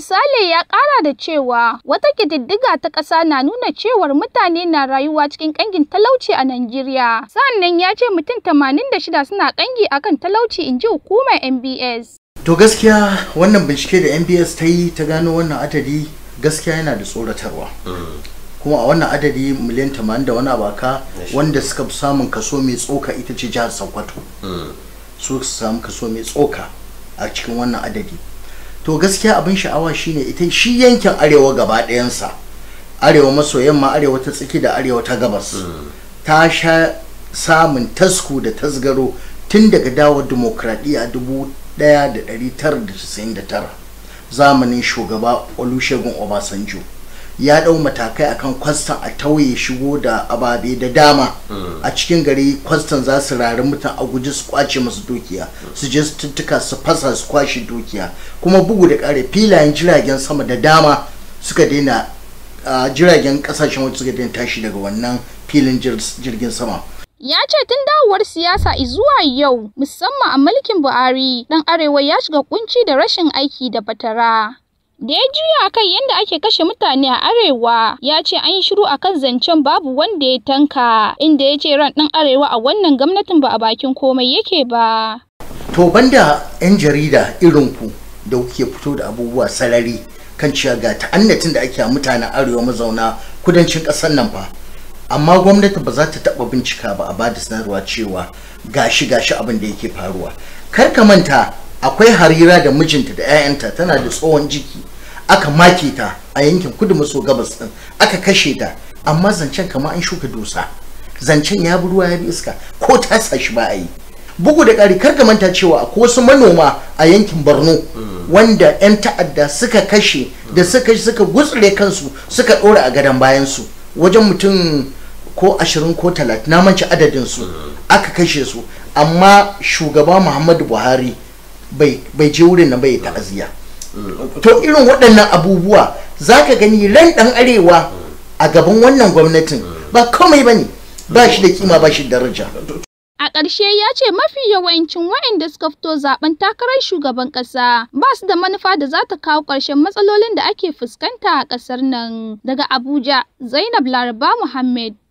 Saleh ya kara da cewa wata kididdiga ta kasa na nuna cewar mutane na rayuwa cikin ƙangin talauci a Najeriya. sannan ya ce mutum 86 suna ƙangi akan talauci in ji hukumar MBS. To gaskiya wannan bincike da MBS ta yi ta gano wannan adadi gaskiya yana da tsoratarwa. Mm. kuma a wannan adadi miliyan 80 da wani abaka wanda suka fi samun kaso mai tsoka ita ce jihar Sokoto. Mm. Su samu kaso mai tsoka a cikin wannan adadi. to gaskiya abin sha'awa shine ita shi yankin arewa gaba ɗayansa arewa maso yamma arewa ta tsaki da arewa ta gabas ta sha samun tasku da tasgaro tun daga dawo demokradiyya tara zamanin shugaba olusegun obasanjo ya dau matakai akan kwastan a tauye shigo da ababe da dama hmm. a cikin gari kwastan za su rari mutum a guji su kwace masu dukiya hmm. su je su su fasa su kwashe dukiya kuma bugu da kare filayen jiragen sama da dama suka daina jiragen kasashen wata suka daina tashi daga wannan filin jirgin sama ya ce tun dawowar siyasa zuwa yau musamman a mulkin buhari dan arewa ya shiga kunci da rashin aiki da batara da ya juya kan yadda ake kashe mutane a arewa ya ce an yi shiru a kan zancen babu wanda ya tanka inda ya ce ran ɗan arewa a wannan gwamnatin ba a bakin komai yake ba to banda yan jarida irin ku da kuke fito da abubuwa sarari kan cewa ga ta'annatin da ake a mutanen arewa mazauna kudancin ƙasar nan fa amma gwamnati ba za ta taɓa bincika ba a ba da sanarwa cewa gashi gashi abin da yake faruwa kar ka manta akwai harira da mijinta da 'ya'yanta tana da tsohon jiki aka make ta a yankin kudu maso gabas din aka kashe ta amma zancen kamar an shuka dusa. zancen ya bi ruwa ya bi iska ko ta shi ba a yi bugu da ƙari kar ka manta cewa ko wasu manoma a yankin borno wanda 'yan ta'adda suka kashe da suka suka gutsure kansu suka ɗora a gadon bayansu wajen mutum ko ashirin ko talatin na manci adadin su aka kashe su amma shugaba muhammadu buhari bai je wurin na bai ta'aziyya to irin waɗannan abubuwa za ka gani ran ɗan arewa a gaban wannan gwamnatin ba komai ba ne ba shi da kima ba shi daraja A ƙarshe ya ce mafi yawancin waɗanda suka fito zaben takarar shugaban ƙasa ba su da manufa da za ta kawo ƙarshen matsalolin da ake fuskanta a ƙasar nan. Daga Abuja, Zainab Laraba Muhammad.